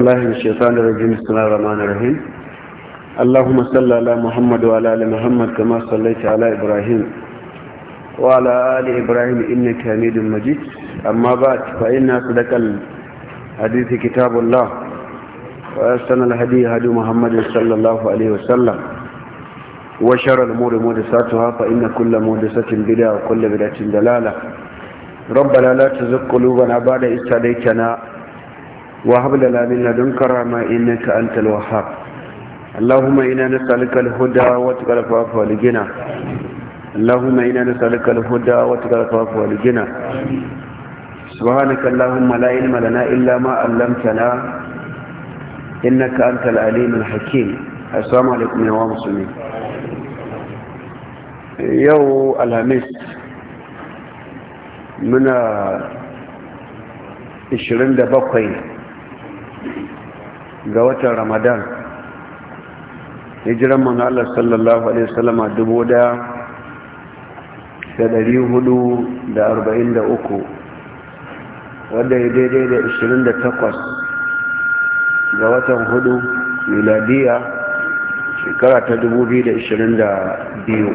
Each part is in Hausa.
الله من الشيطان الرجيم بسم الله الرحمن الرحيم اللهم صل على محمد وعلى ال محمد كما صليت على ابراهيم وعلى ال ابراهيم انك حميد مجيد اما بعد فان صدق الحديث كتاب الله واحسن الهدي هدي محمد صلى الله عليه وسلم وشر الامور محدثاتها فان كل محدثه بدعه وكل بدعه دلاله ربنا لا تزغ قلوبنا بعد إذ هديتنا وهب لنا من لدنك رحمة إنك أنت الوهاب اللهم إنا نسألك الهدى وتقى العفو والغنى اللهم إنا نسألك الهدى وتقى العفو والغنى سبحانك اللهم لا علم لنا إلا ما علمتنا إنك أنت العليم الحكيم السلام عليكم يا مسلمين يو الهميس من 27 ga watan ramadan hijiran manzo Allah sallallahu alaihi wasallama dubu daya da hudu da arba'in da uku wadda ya daidai da ishirin da takwas ga watan hudu miladiya shekara ta dubu biyu da ishirin da biyu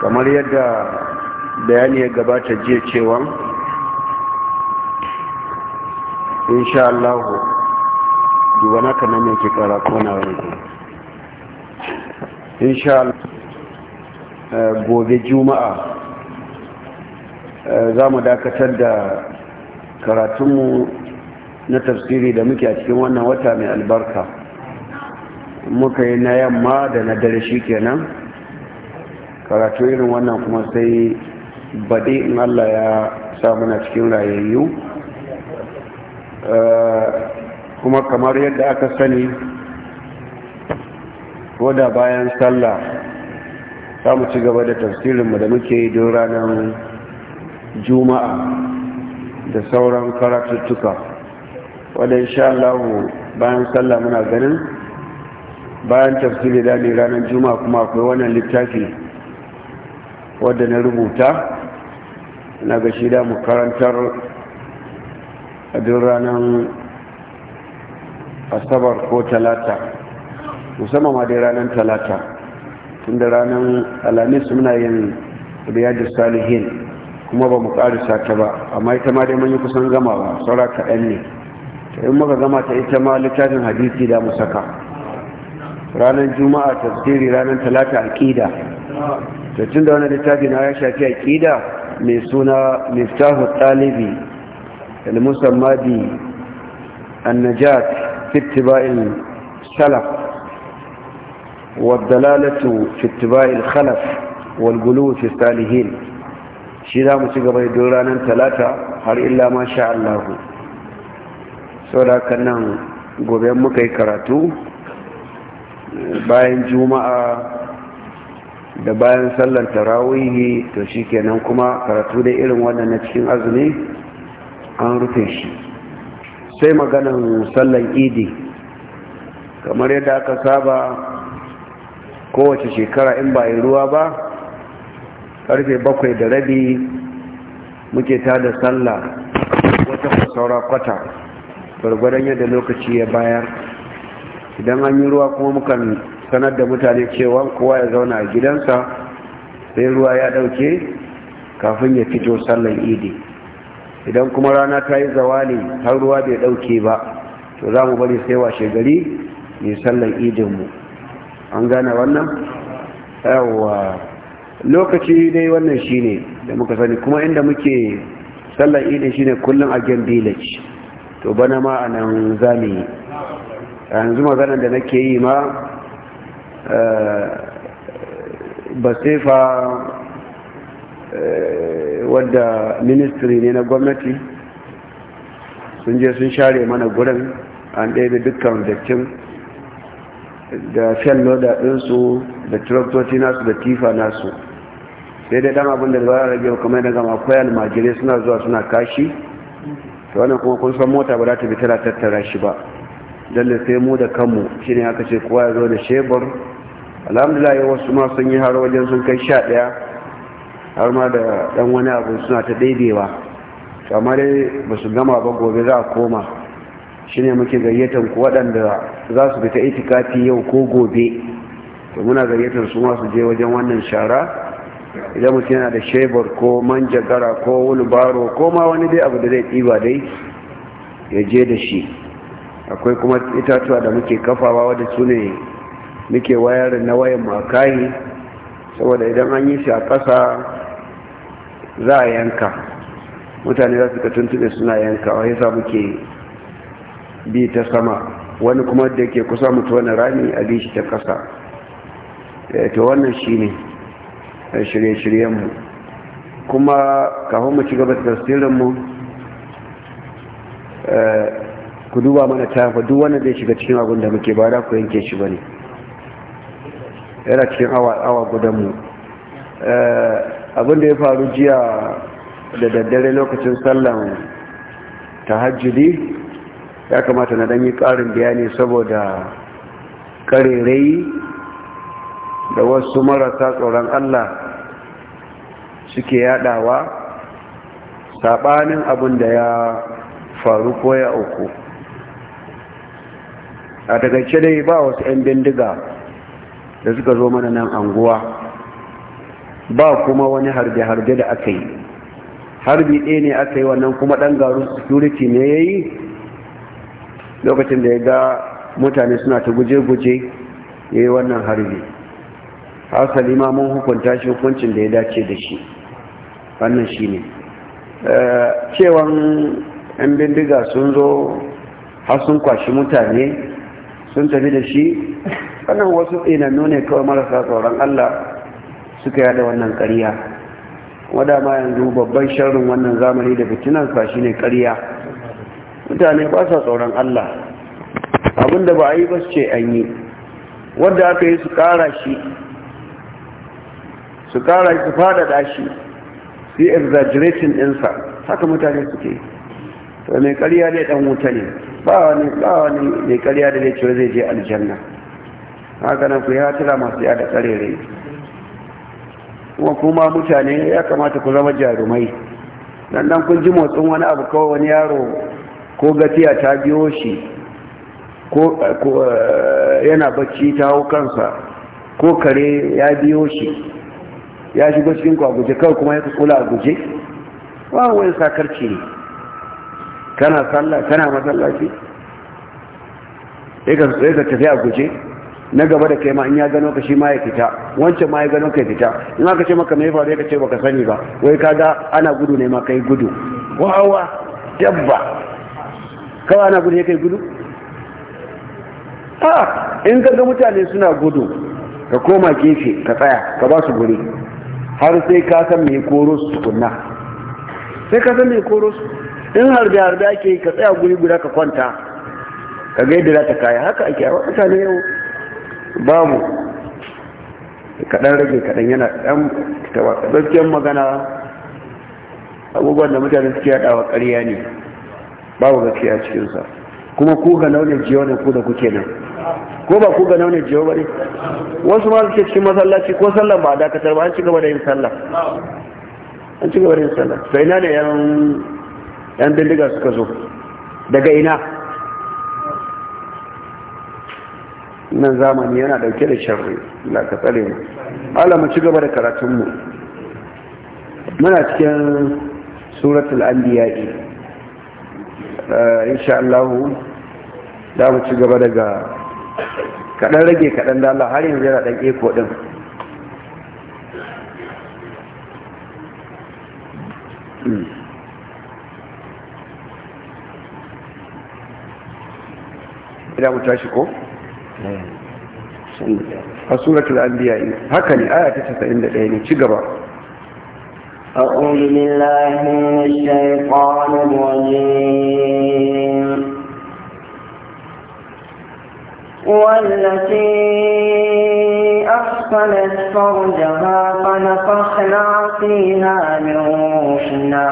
kamar yadda bayani ya gabata jiya cewa sha Allah duba na ka nan yake kara kona wani sha Allah eh, gobe juma'a eh, za mu dakatar da karatunmu na tafsiri da muke a cikin wannan wata mai albarka muka yi na yamma da na dare shi kenan karatu irin wannan kuma sai baɗi in allah ya sa cikin rayayyu Eh, kuma kamar yadda aka sani ko da bayan sallah za mu ci gaba da tafsirinmu da muke yi don ranar juma'a da sauran karatuttuka wadda insha Allah bayan sallah muna ganin bayan tafsiri da ne ranar juma'a kuma akwai wannan littafi wadda na rubuta na gashi da mu karantar a duk ranar asabar ko talata musamman ma dai ranar talata tun da ranar alamis muna yin riyadu salihin kuma ba mu karisa ta ba amma ita ma dai mun kusan gama ba, saura kaɗan ne in muka gama ta ita ma littafin hadisi da mu saka ranar juma'a ta tafsiri ranar talata aƙida to tun da wani littafi na ya shafi aƙida mai suna mistahu talibi المسمى بالنجاة في اتباع السلف والدلالة في اتباع الخلف والقلوب في السالهين شيرا مسيقى ranar ثلاثة har illa ma sha Allahu saboda nan gobe muka yi karatu bayan juma'a da bayan sallar tarawihi to kenan kuma karatu da irin wannan na cikin azumi an rufe shi sai maganan sallan idi kamar yadda aka saba kowace shekara in ba yi ruwa ba karfe bakwai da rabi muke tada sallah wata kusaura kwata gwargwadon yadda lokaci ya bayar idan an yi ruwa kuma mukan sanar da mutane cewa kowa ya zauna a gidansa sai ruwa ya dauke kafin ya fito sallan idi idan kuma rana ta yi zawali har ruwa bai ɗauke ba to za mu bari sai washe gari ne sallar idinmu an gane wannan yawa lokaci dai wannan shine da muka sani kuma inda muke sallar idin shine kullum a gen village to bana ma a nan zami yanzu maganar da nake yi ma eh, ba sai fa eh, wadda ministry ne na gwamnati sun je sun share mana gurin an ɗaya dukkan dattin da fiyan loda ɗinsu da traktoci nasu da tifa nasu sai dai dama abinda da bayan rage kuma daga makwai almajirai suna zuwa suna kashi ta wannan kuma kun san mota ba za ta bitara tattara shi ba don sai mu da kanmu shi ne aka ce kowa ya zo da shebur alhamdulillah wasu ma sun yi har wajen sun kai sha ɗaya har ma da ɗan wani abu suna ta daidewa amma dai ba su gama ba gobe za a koma shine muke gayyatar ku waɗanda za su fita itikafi yau ko gobe to muna gayyatar su masu je wajen wannan shara idan mutum yana da shebur ko manjagara ko wulbaro ko ma wani dai abu da zai ɗiba dai ya je da shi akwai kuma itatuwa da muke kafawa wadda su ne muke wayar na wayan makayi saboda idan an yi shi a ƙasa za a yanka mutane za su ka tuntube suna yanka ya sa muke bi ta sama wani kuma da ke kusa mutu wani rami a bi shi ta kasa eh, ta wannan shi ne eh, shirye-shiryenmu kuma kafin mu ci gaba da tasirinmu eh, ku duba mana ta hafa duk wanda zai shiga cikin abin da muke ba ku yanke shi ba ne yana cikin awa gudanmu abin da ya faru jiya da daddare lokacin sallan tahajjudi ya kamata na danyi ƙarin bayani saboda ƙarerai da wasu marasa tsoron Allah suke yadawa saɓanin abin da ya faru ko ya uku a daga dai ba wasu 'yan bindiga da suka zo mana nan anguwa ba kuma wani harbe-harbe da aka yi harbi ɗaya ne aka yi wannan kuma ɗan garin security ne ya yi lokacin da ya ga mutane suna ta guje-guje ya yi wannan harbi hasali ma mun hukunta shi hukuncin da ya dace da shi wannan shi ne eh, cewan 'yan bindiga sun zo har sun kwashi mutane sun tafi da shi wannan wasu tsinannu ne kawai marasa tsoron allah suka yada wannan ƙarya wadda ma yanzu babban sharrin wannan zamani da fitinansa shine ƙarya mutane ba sa tsoron Allah abinda ba a yi ba su ce an yi wadda aka yi su ƙara shi su ƙara shi su faɗaɗa shi su yi exaggerating ɗinsa haka mutane suke to mai ƙarya ne ɗan wuta ne ba wani mai ƙarya da ne cewa zai je aljanna haka nan ku yi hatira masu yada ƙarere kuma kuma mutane ya kamata ku zama jarumai dan dan kun ji motsin wani abu kawai wani yaro ko gatiya ta biyo shi ko eh, yana bacci ta hau kansa ko kare ya biyo shi ya shigo cikin ku a guje kawai kuma ya kula a guje Ba wani sakarci ne kana sallah kana masallaci sai ka tafi a guje na gaba da kai ma in ya gano ka shi ma ya fita wancan ma ya gano ka ya fita in aka ce maka me faru ya ce baka sani ba wai kaga ana gudu ne ma kai gudu wawa dabba kawai ana gudu ne kai gudu ah in ka ga mutane suna gudu ka koma gefe ka tsaya ka ba su guri har sai ka san me koro su tukunna sai ka san me koro su in harbe harbe ake ka tsaya guri guda ka kwanta ka ga yadda za ta kaya haka ake a wata yau babu kaɗan rage kaɗan yana ɗan fitawa gaskiyar magana abubuwan da mutane suke wa ƙarya ne babu gaskiya cikinsa kuma ku ga naunin jiyo ne ku da kuke nan ko ba ku ga naunin jiyo ba ne wasu ma suke cikin masallaci ko sallan ba a dakatar ba an ci gaba da yin sallah an ci gaba da yin sallah sai na ne yan bindiga suka zo daga ina nan zamani yana dauke da sharri la ka tsare mu Allah mu ci gaba da karatun mu muna cikin suratul anbiya eh, insha Allah da mu ci gaba daga kadan rage kadan da Allah har yanzu yana dan eko din mm mutashi mu tashi ko? a suratul anbiya haka ne aya ta 91 ne ci gaba أعوذ بالله من الشيطان الرجيم والتي أحصلت فرجها فنفخنا فيها من روحنا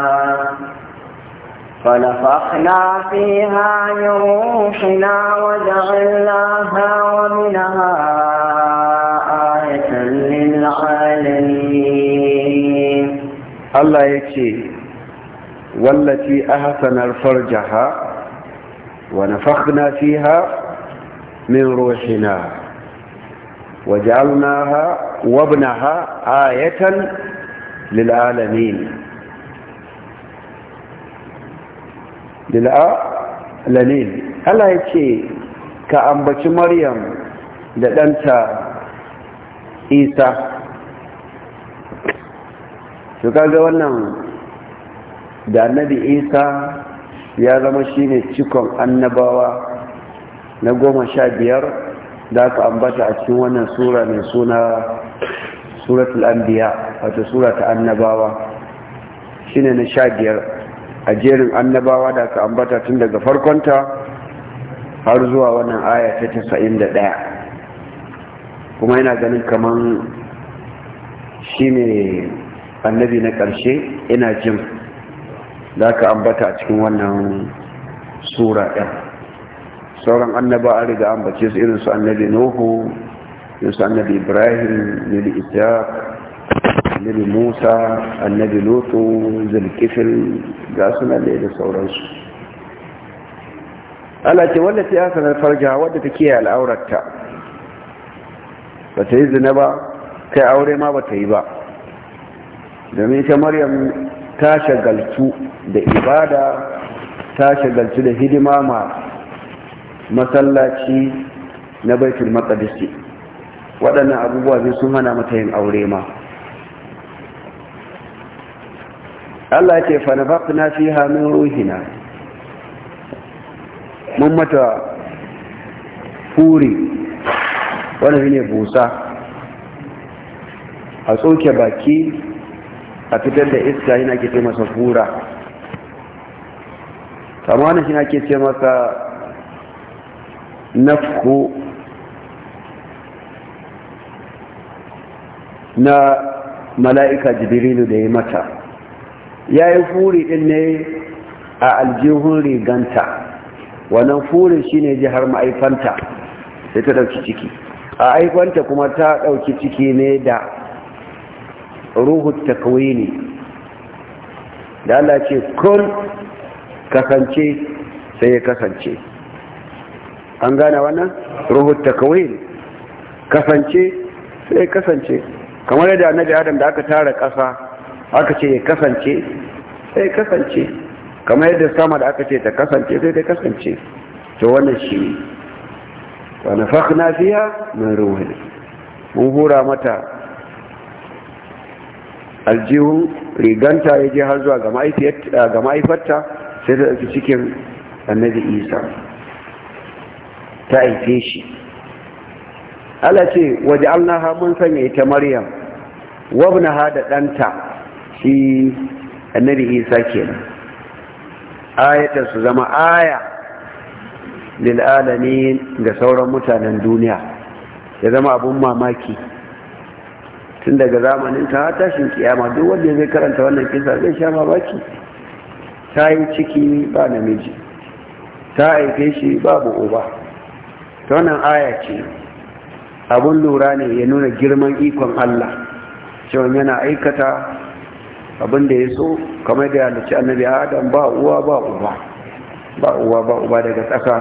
فنفخنا فيها من روحنا وجعلناها ومنها آية للعالمين الله يكي والتي أهفنا الفرجها ونفخنا فيها من روحنا وجعلناها وابنها آية للعالمين lalil Allah ya ce ka ambaci maryam da ɗanta isa to kaga wannan da annabi isa ya zama shine cikon annabawa na goma sha biyar da aka ambata a cikin wannan sura mai suna suratul anbiya wato sura annabawa shine na sha biyar a jerin annabawa da aka ambata tun daga farkonta har zuwa wannan aya ta tasa'in da ɗaya kuma yana ganin kamar shi ne annabi na ƙarshe ina jin da aka ambata a cikin wannan sura ɗin sauran annaba an riga ambace su irinsu annabi nuhu irinsu annabi ibrahim nili isaac annabi musa annabi loto zulkifil ga sunan da sauransu ala ce wadda ta yi na farja wadda ta kiyaye al'aurarta ba ta yi zina ba kai aure ma ba ta yi ba domin ta maryam ta shagaltu da ibada ta shagaltu da hidima ma masallaci na baitul maqdis waɗannan abubuwa sun hana mata yin aure ma Allah ya ce na fiha min ruhina mun mata furi wanda ne busa a tsoke baki a fitar da iska yana ke ce masa fura kama wani shi ake ce masa nafku na mala'ika jibrilu da ya mata ya yi furi ɗin ne a aljihun riganta wannan furin shi ne jihar ma'aifanta sai ta ɗauki ciki a aifanta kuma ta ɗauki ciki ne da ruhu takwini da Allah ce kun kasance sai ya kasance an gane wannan ruhu takwini kasance sai kasance kamar yadda annabi adam da aka tara ƙasa aka ce ya kasance sai kasance kamar yadda sama da aka ce ta kasance sai ta kasance to wannan shi ne wa nafakhna fiha min ruhina mun hura mata aljihun riganta ya je har zuwa ga mahaifarta sai ta ɗauki cikin annabi isa ta aife shi ala ce waje alnaha mun sanya ita maryam wabnaha da ɗanta shi annabi isa kenan ayatar su zama aya lil'alami ga sauran mutanen duniya ya zama abun mamaki tun daga zamanin ta tashin kiyama duk wanda zai karanta wannan kisa zai sha mamaki ta yi ciki ba namiji ta aike shi babu uba ta wannan aya ce abun lura ne ya nuna girman ikon Allah cewa yana aikata abin da ya so kamar da ya halicci annabi adam ba uwa ba uba ba uwa ba uba daga tsaka.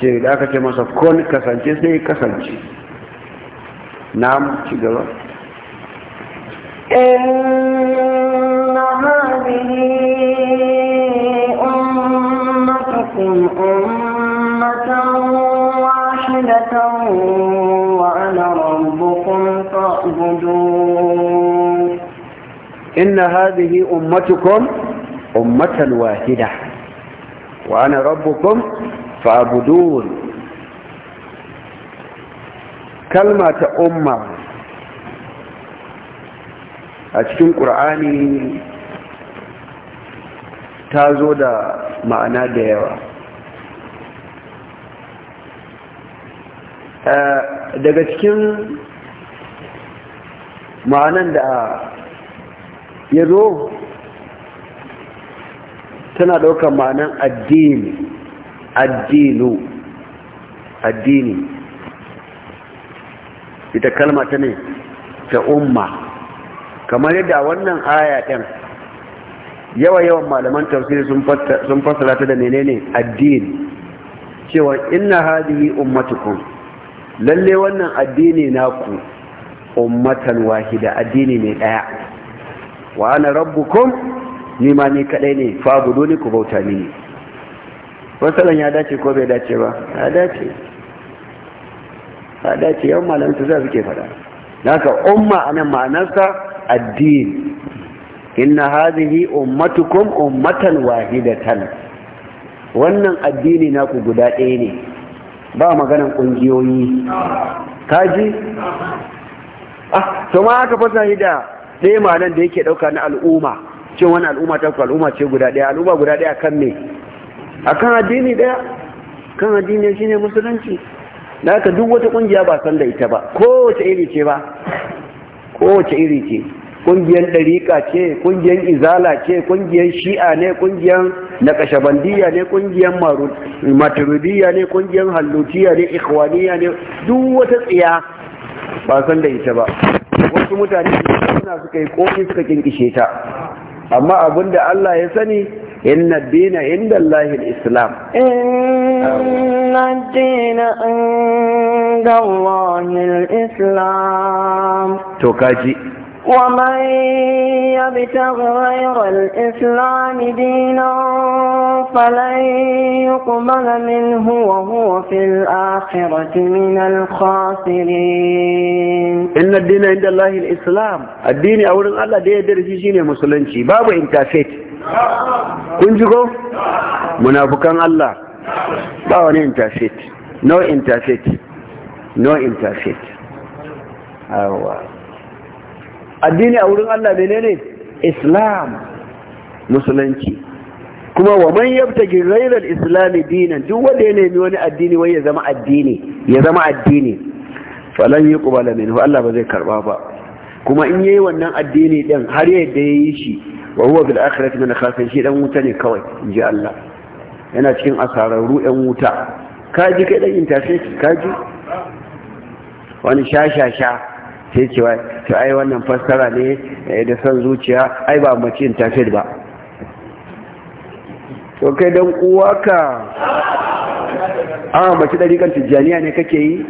ce da aka ce masa kon kasance sai kasance na ci gaba إن هذه inna hadihi ummatukum ummatan wahida wa ana rabbukum fa'budun kalma ta umma a cikin ƙur'ani ta zo da ma'ana da yawa daga cikin ma'anan da ya zo tana ɗaukar ma'anan addini addinu addini ita kalma ta ne ta umma kamar yadda wannan aya ɗin yawa-yawan malaman tafsiri sun fassara ta da menene addini cewa inna hadihi ummatukum lalle wannan addini na naku ummatan wahida addini mai ɗaya wa ana rabbukum ni ma ni kadai ne fa ni ku bauta mini wasalan ya dace ko bai dace ba ya dace ya dace yawan su za su ke fada naka umma anan ma'anarsa addini inna hadhihi ummatukum ummatan wahidatan wannan addini naku guda ɗaya ne ba maganan ƙungiyoyi kaji ah to ma aka fasa da ɗaya malan da yake ɗauka na al'umma cin wani al'umma ta ku al'umma ce guda ɗaya al'umma guda ɗaya kan me a kan addini ɗaya kan addini shi ne musulunci da haka duk wata ƙungiya ba san da ita ba kowace iri ce ba kowace iri ce ƙungiyar ɗariƙa ce ƙungiyar izala ce ƙungiyar shi'a ne ƙungiyar naƙashabandiya ne ƙungiyar maturidiyya ne ƙungiyar hallutiya ne ikhwaniya ne duk wata tsiya ba san da ita ba wasu mutane suna suka yi kofi suka kinkishe ta amma abinda Allah ya sani inna dina inda Allahin Islam inna dina inda Allahin Islam to kaji ومن يبتغ غير الإسلام دينا فلن يقبل منه وهو في الآخرة من الخاسرين إن الدين عند الله الإسلام الدين أولا الله دي درجي شيني مسلنشي بابا انتافيت كنجو منافقان الله بابا انتافيت نو انتافيت نو انتافيت أوه. addini a wurin Allah menene islam musulunci kuma wa man yabtagi ghayra al-islam dinan duk wanda ya nemi wani addini wai ya zama addini ya zama addini falan yuqbala minhu Allah ba zai karba ba kuma in yayi wannan addini din har yadda yayi shi wa huwa bil akhirati min khasirin shi dan wuta ne kawai inji Allah yana cikin asararru yan wuta kaji kai dan intafe kaji wani shashasha sai wa to ai wannan fassara ne eh, da san zuciya ai ba mace in tafid ba to kai dan uwa ka a mace dariƙar tijaniya ne kake yi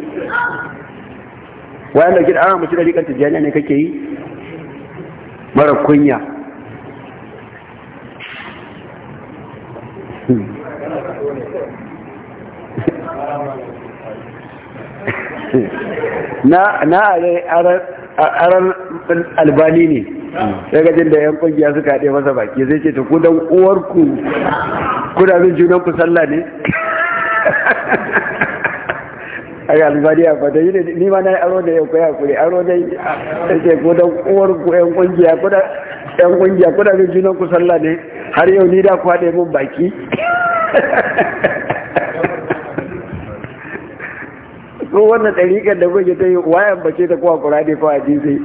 wayan da gida a mace dariƙar tijaniya ne kake yi mara kunya Yeah. Hmm. na na aran albani ne daga jin da yan kungiya suka haɗe masa baki zai ce ta kudan uwarku kuna bin junan ku sallah ne a ga albani a fata yi ne ni ma na yi aro da yau kwaya kuri aro da yi ce kudan uwarku yan kungiya kuna yan kungiya kuna bin junan ku sallah ne har yau ni da ku haɗe mun baki ko wannan ɗariƙar da kuke ta yi wayan bace ta kowa kura ne ko hadisi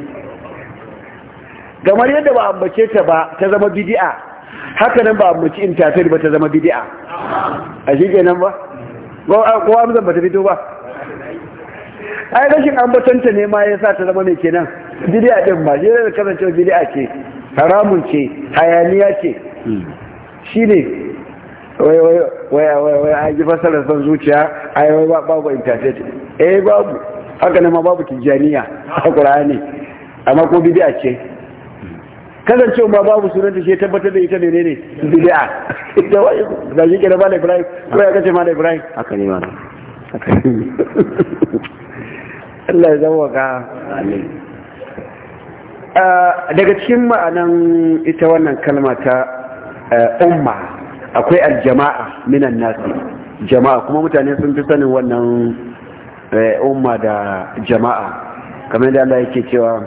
kamar yadda ba ambace ta ba ta zama bidi'a haka nan ba ambaci in ba ta zama bidi'a a shi kenan ba ko amsan ba ta fito ba ai rashin ambatanta ne ma ya sa ta zama mai kenan bidi'a ɗin ba shi da kasance bidi'a ce haramun ce hayaniya ce shi ne wai wai wai wai wai ji fasarar son zuciya ai wai ba ba internet eh babu haka nan ma babu tijaniya a qur'ani amma ko bid'a ce kasancewa ma babu sunan da ke tabbatar da ita ne ne bid'a da wai da yake da mala ibrahim ko ya kace mala ibrahim haka ne ma Allah ya zawaka amin ah, daga cikin ma'anan ita wannan kalma ta eh, umma akwai aljama'a minan nasi jama'a kuma mutane sun fi sanin wannan Eh, umma da jama'a kamar da Allah yake cewa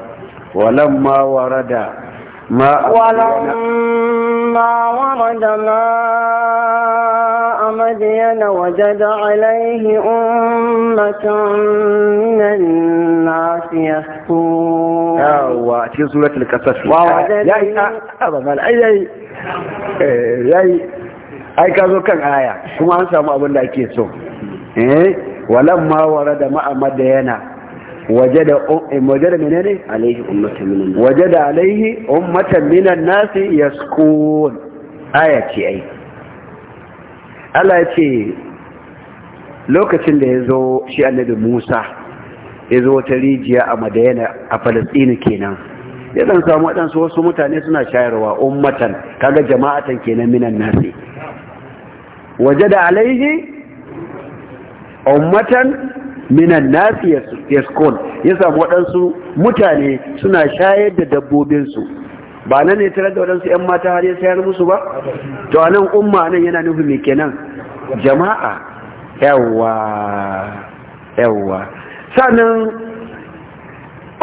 walamma warada ma walamma warada ma madiyana wajada alaihi ummatan minan nas yawa cikin suratul qasas yayi ababan ayi yayi ai ka zo kan aya kuma an samu abin da ake so eh walamma warada ma'a madayana وجد وجد منين عليه أمة من الناس وجد عليه أمة من الناس يسكون آية أي ألا يتي lokacin da ya zo shi annabi Musa ya zo wata rijiya a Madayana a Falasɗinu kenan ya dan samu waɗansu wasu mutane suna shayarwa ummatan kaga jama'atan kenan minan nasi waje da alaihi ummatan minan nasi yaskun ya samu waɗansu mutane suna shayar da dabbobinsu ba nan ne tare da waɗansu 'yan mata har ya sayar musu ba to a nan umma nan yana nufi mai kenan jama'a yawwa yawwa sannan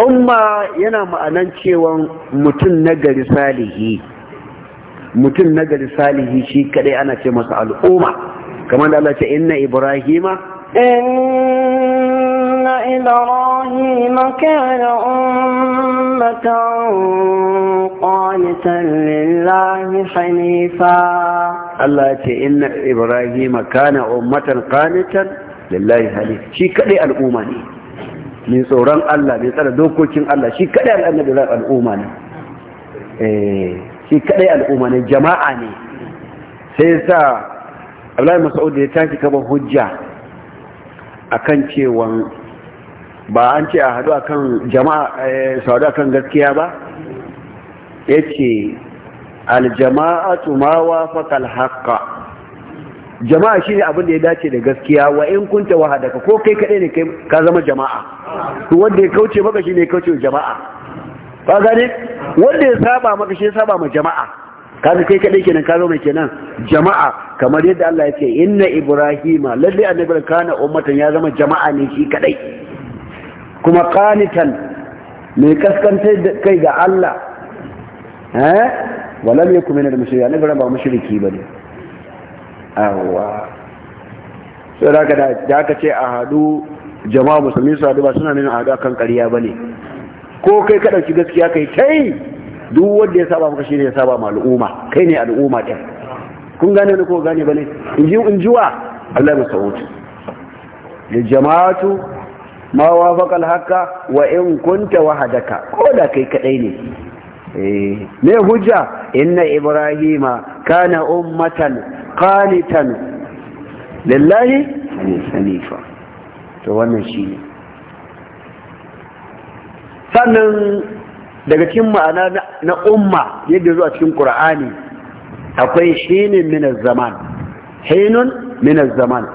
umma yana ma'anan cewa mutum nagari salihi mutum nagari salihi shi kadai ana ce masu al'umma kamar da Allah ce inna ibrahima إن إبراهيم كان أمة قانتا لله حنيفا الله إن إبراهيم كان أمة قانتا lillahi halif shi kadai al'umma ne mai tsoron Allah mai tsara dokokin Allah shi kadai al'umma ne shi kadai al'umma ne jama'a ne sai sa Abdullahi Mas'ud ya tashi kaba hujja akan cewan ba an ce a haɗu akan jama'a eh, su haɗu akan gaskiya ba ya ce aljama'atu ma wafaqa alhaqqa jama'a shi abin da ya dace da gaskiya wa in kunta wahadaka ko kai kadai ne kai ka zama jama'a to wanda ya kauce maka shi shine kauce jama'a ba gane wanda ya saba maka shi ya saba ma jama'a kaga kai kadai kenan ka zo mai kenan jama'a kamar yadda Allah ya ce inna ibrahima lalle annabi kana ummatan ya zama jama'a ne shi kadai kuma qanitan me kaskantar kai ga Allah eh me kuma ne da mushriki annabi ba mushriki bane awwa so da da ka ce a hadu jama'a musulmi su hadu ba suna nuna a hadu kan ƙarya bane ko kai ka dauki gaskiya kai kai duk wanda ya saba maka shine ya saba ma al'umma kai ne al'umma din kun gane ne ko gane bane in ji in jiwa Allah ya sauki ya jama'atu ma wafaqa al-haqqa wa in kunta wahdaka ko da kai kadai ne eh me hujja inna ibrahima kana ummatan qanitan lillahi hanifa to wannan shine sannan daga cikin ma'ana na umma yadda zuwa cikin qur'ani akwai shinin minar zaman hinun minar zaman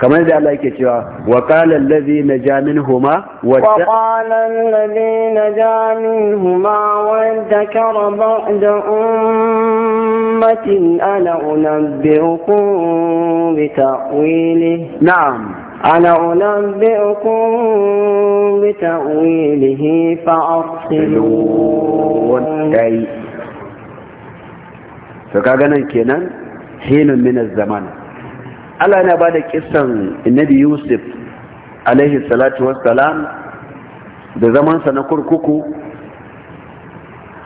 kamar yadda Allah yake cewa wa qala allazi naja minhuma wa qala allazi naja minhuma wa dhakara ba'da ummatin ana unabbiukum bi ta'wilihi na'am أنا أنبئكم بتأويله فأرسلون أي فكاغنا كنان حين من الزمان ألا أنا بعد قصة النبي يوسف عليه الصلاة والسلام da na kurkuku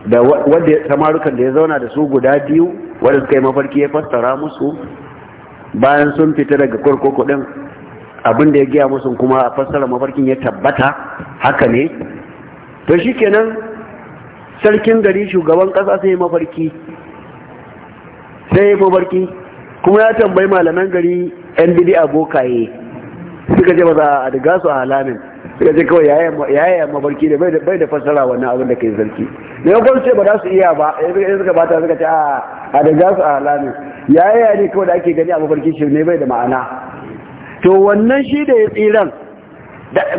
da wadda samarukan da ya zauna da su guda biyu wadda suka yi mafarki ya fassara musu bayan sun fita daga kurkuku din abin da ya gaya musu kuma a fassara mafarkin ya tabbata haka ne to shikenan sarkin gari shugaban kasa sai mafarki sai mafarki kuma ya tambayi malaman gari yan bidi abokaye suka ce ba za a daga su a halamin suka ce kawai yaya mafarki da bai da fassara wannan abin da yi sarki da ya ce ba za su iya ba ya suka bata suka ce a daga su a halamin yaya ne kawai da ake gani a mafarki shi ne bai da ma'ana to wannan shi da ya tsiran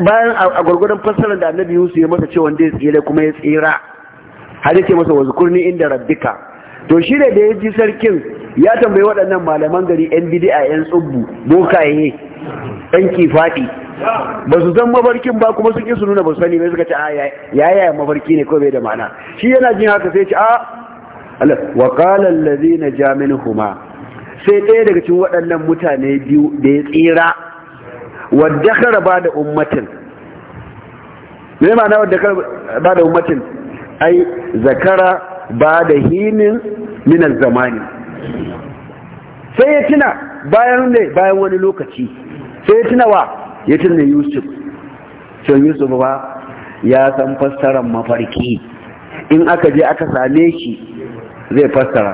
bayan a gwargwadon fassarar da annabi Yusuf ya masa cewa da ya tsira kuma ya tsira har yake masa wazkurni inda rabbika to shi da ya ji sarkin ya tambayi waɗannan malaman gari yan bid'a yan tsubbu bokaye yan kifadi ba su zan mafarkin ba kuma suke su nuna ba su sani mai suka ce ah, a yaya mafarki ne ko bai da ma'ana shi yana jin haka sai ci a ah, wa qala allazina ja huma. sai ɗaya daga cikin waɗannan mutane biyu da ya tsira wadda ba da ummatin me ma'ana wadda ba da ummatin ai zakara ba da hinin minan zamani sai ya tuna bayan ne bayan wani lokaci sai ya tuna wa ya tuna yusuf can yusuf ba ya san fassarar mafarki in aka je aka same shi zai fassara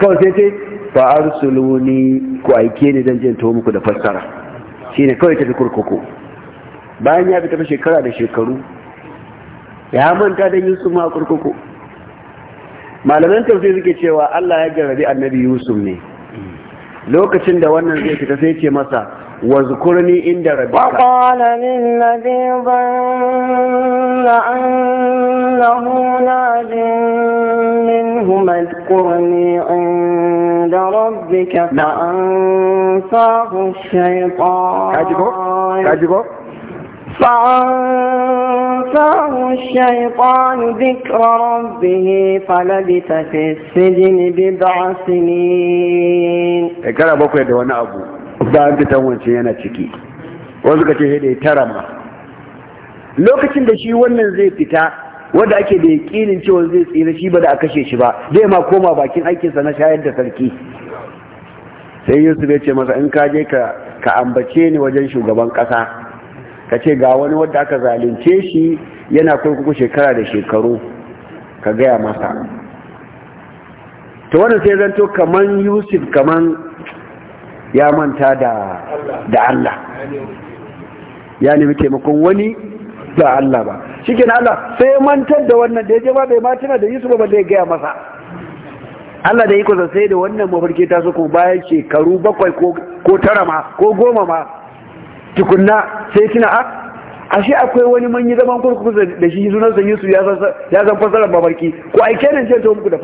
kawai sai sai fa arsuluni ku aike ni dan jin tawo muku da fassara shine kawai tafi kurkuku bayan ya fita shekara da shekaru ya manta da Yusuf ma kurkuku malaman tafsir suke cewa Allah ya jarabi annabi Yusuf ne lokacin da wannan zai fita sai ce masa واذكرني عند ربك وقال للذي ظن أنه ناج منهما اذكرني عند ربك فأنساه الشيطان عجبه عجبه فأنساه الشيطان ذكر ربه فلبث في السجن بضع سنين. كان أبوك يدوانا أبوه. bayan fitan wancan yana ciki wasu ka ce shi da tara ma lokacin da shi wannan zai fita wanda ake da yaƙinin cewa zai tsira shi ba da a kashe shi ba zai ma koma bakin aikinsa na shayar da sarki sai yusuf ya ce masa in ka je ka ambace ni wajen shugaban kasa ka ce ga wani wanda aka zalunce shi yana kurkuku shekara da shekaru ka gaya masa Ta wannan sai zanto kaman yusuf kaman ya manta da Allah ya nemi taimakon wani da Allah ba shi Allah sai mantar da wannan da ya je ba bai ma tuna da su ba zai gaya masa Allah da iko sai da wannan mafarki ta su ko bayan shekaru bakwai ko tara ma ko goma ma tukunna sai tuna a ah, ashe akwai wani manyi zaman kurkuku da shi sunan san su ya san fassarar mafarki ko aike kenan ce ta muku da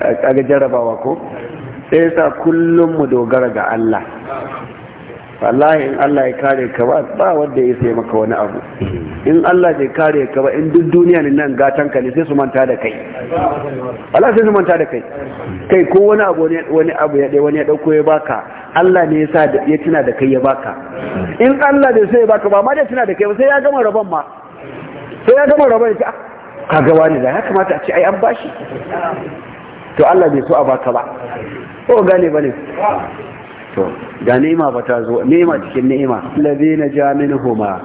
a ga jarabawa ko sai sa kullum mu dogara ga Allah wallahi in Allah ya kare ka ba ba wanda ya sai maka wani abu in Allah bai kare ka ba in duk duniya ne nan gatan ka ne sai su manta da kai Allah sai su manta da kai kai ko wani abu wani abu ya dai wani ya dauko ya baka Allah ne yasa ya tuna da kai ya baka in Allah bai sai ya baka ba ma da tuna da kai sai ya gama rabon ma sai ya gama rabon ya ah, ka ga wani da ya kamata a ce ai an bashi to Allah bai so a baka ba ko gane ba ne to da ni'ima ba ta zo ni'ima cikin ni'ima ladina jamin huma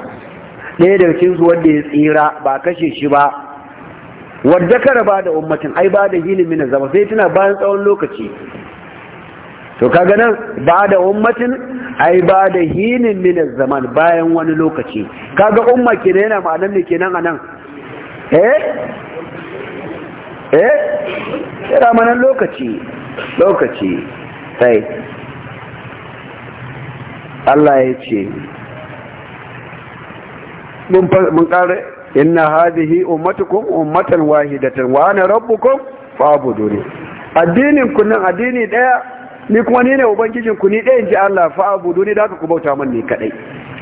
ɗaya daga cikin su wanda ya tsira ba kashe shi ba wadda kara ba da ummatin ai ba da hilimin min zama sai tana bayan tsawon lokaci to kaga nan ba da ummatin ai ba da hinin min zaman bayan wani lokaci kaga umma kenan yana ma'anar ne kenan anan eh eh yana manan lokaci lokaci sai Allah ya ce mun ƙare inna hadihi ummatukum ummatan wahidatan wa ana rabbukum fa'buduni addinin ku nan addini daya ni kuma ni ne ubangijin ku ni daya inji Allah fa'buduni da ka ku bauta man ne kadai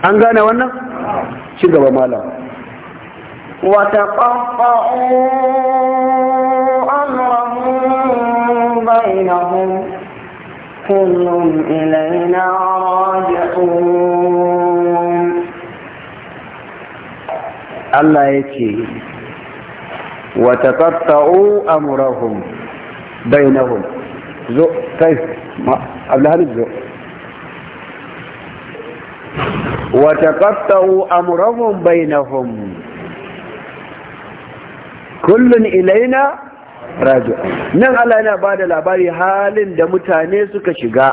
an gane wannan shi gaba malam wa taqaffa'u amrahum بينهم كل إلينا راجعون الله يكي وتقطعوا أمرهم بينهم زو كيف طيب، ما قبلها نزو وتقطعوا أمرهم بينهم كل إلينا raji'un nan Allah yana ba da labari halin da mutane suka shiga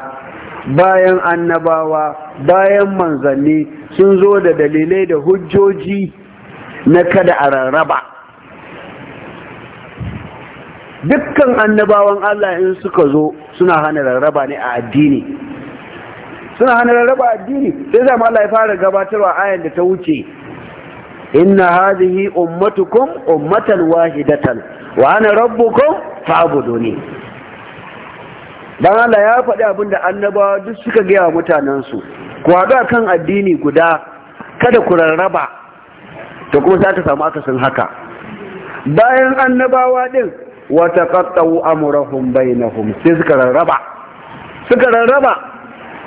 bayan annabawa bayan manzanni sun zo da dalilai da hujjoji na kada a rarraba dukkan annabawan Allah in suka zo suna hana rarraba ne a addini suna hana rarraba addini sai zama Allah ya fara gabatarwa ayan da ta wuce inna hadhihi ummatukum ummatan wahidatan wa ana rabbukum fa'buduni dan Allah ya faɗi abin da annabawa duk suka gaya wa mutanensu ku haɗu kan addini guda kada ku rarraba to kuma za ta samu akasin haka bayan annabawa ɗin wata ƙaƙƙawu amurahun bainahum sai suka rarraba suka rarraba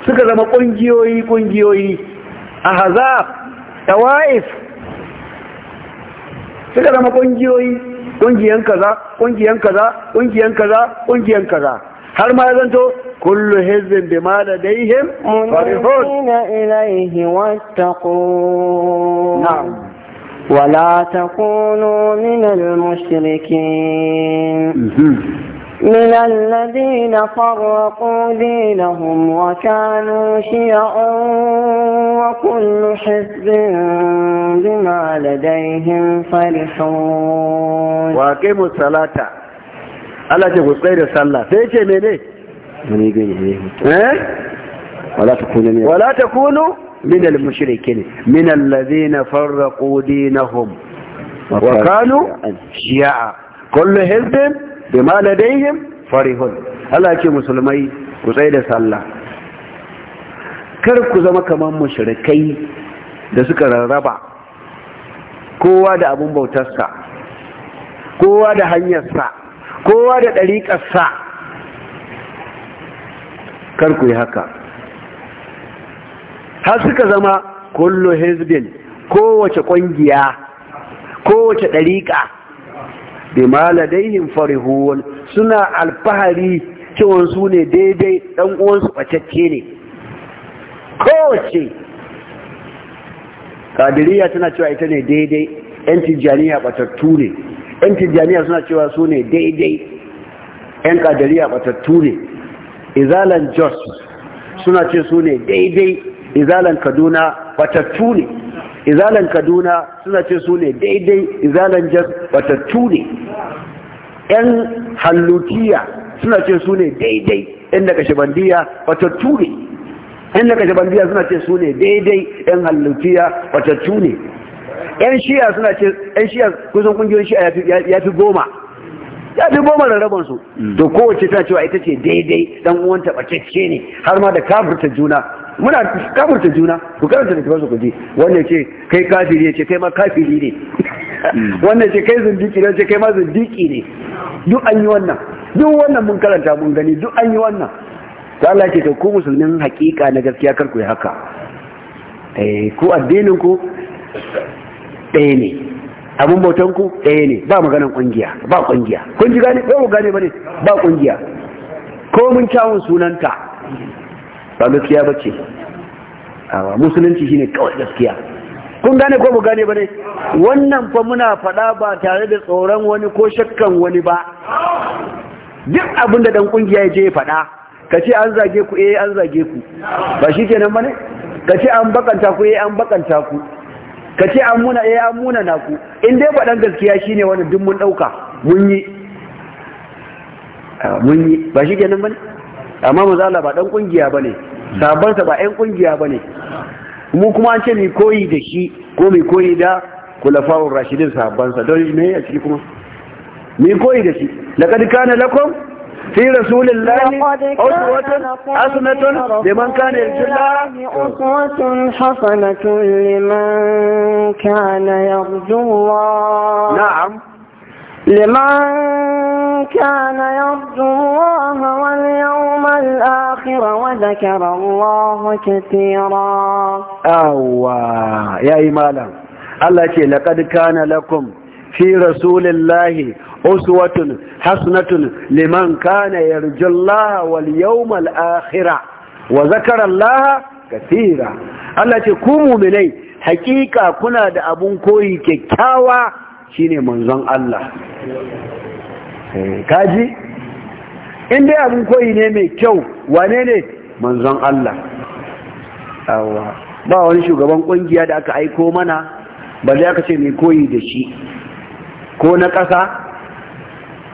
suka zama ƙungiyoyi ƙungiyoyi a tawa'if suka zama kungiyoyi kungiyan kaza kungiyan kaza kungiyan kaza kungiyan kaza har ma zanto kullu hizbin bima ladaihim farihun ilaihi wattaqun na'am ولا تكونوا من من الذين فرقوا دينهم وكانوا شيعا وكل حزب بما لديهم فرحون واقيم الصلاة ألا تقول خير الصلاة في شيء من ايه ولا تكونوا ولا تكونوا من المشركين من الذين فرقوا دينهم وكانوا شيعا كل حزب bima ladaihim farihun Allah ce musulmai ku tsaye da sallah kar ku zama kamar mushrikai da suka rarraba kowa da abun bautarsa kowa da hanyarsa kowa da ɗariƙarsa kar ku yi haka har suka zama kullu hezbin kowace ƙungiya kowace ɗariƙa bima ladaihim farihun suna alfahari cewa su ne daidai dan uwansu bacacce ne kowace kadiriya tana cewa ita ne daidai ƴan tijjaniya batattu ne Ƴan tijjaniya suna cewa su ne daidai ƴan kadiriya batattu ne izalan jos suna ce su ne daidai izalan kaduna batattu ne izalan kaduna suna ce su ne daidai izalan jas batattu ne yan hallutiya suna ce su ne daidai yan nakashibandiya batattu ne yan nakashibandiya suna ce su ne daidai yan hallutiya batattu ne yan shiya suna ce yan shiya kusan kungiyoyin shiya ya fi goma ya fi goma da rabon su mm. to kowace ta cewa ita ce daidai dan uwanta bacecce ne har ma da kafirta juna muna kafurta juna ku karanta littafin su kuje wanda ce kai kafiri ce kai ma kafiri ne hmm. wanda ce kai zindiki ne ce kai ma zindiki ne duk an yi wannan duk wannan mun karanta mun gani duk an yi wannan ta Allah ce ku musulmin hakika na gaskiya kar ku yi haka eh ku addinin ku ɗaya ne abin bautan ku ɗaya ne ba maganan kungiya ba kungiya kun ji gane ba gane bane ba kungiya ko mun kyawun sunanta ba gaskiya ba ce awa musulunci ne kawai gaskiya kun gane ko mu gane ba ne wannan fa muna faɗa ba tare da tsoron wani ko shakkan wani ba duk abin da dan kungiya ya je ya faɗa ka ce an zage ku eh an zage ku ba shi kenan ba ne ka ce an bakanta ku eh an bakanta ku ka ce an muna eh an muna na ku in dai faɗan gaskiya shi ne wani duk mun ɗauka mun yi mun yi ba shi kenan ba ne amma mu Allah ba dan kungiya bane sabansa ba ɗan kungiya bane mu kuma an ce mai koyi da shi ko mai koyi da kulafa'ur rashidin sabansa don me a ciki kuma mai koyi da shi laqad kana lakum في رسول الله أسوة حسنة لمن كان يرجو الله أسوة حسنة لمن كان لمن كان يرجو الله واليوم الآخر وذكر الله كثيرا أوا يا إيمالا الله لقد كان لكم في رسول الله أسوة حسنة لمن كان يرجو الله واليوم الآخر وذكر الله كثيرا الله كوموا مني حقيقة كنا دعبون أبون كوي كتاوى shine manzon Allah eh, kaji in dai abin koyi ne mai kyau wane ne manzon Allah ba wani shugaban ƙungiya da aka aiko mana ba zai aka ce mai koyi da shi ko na ƙasa